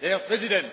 herr präsident!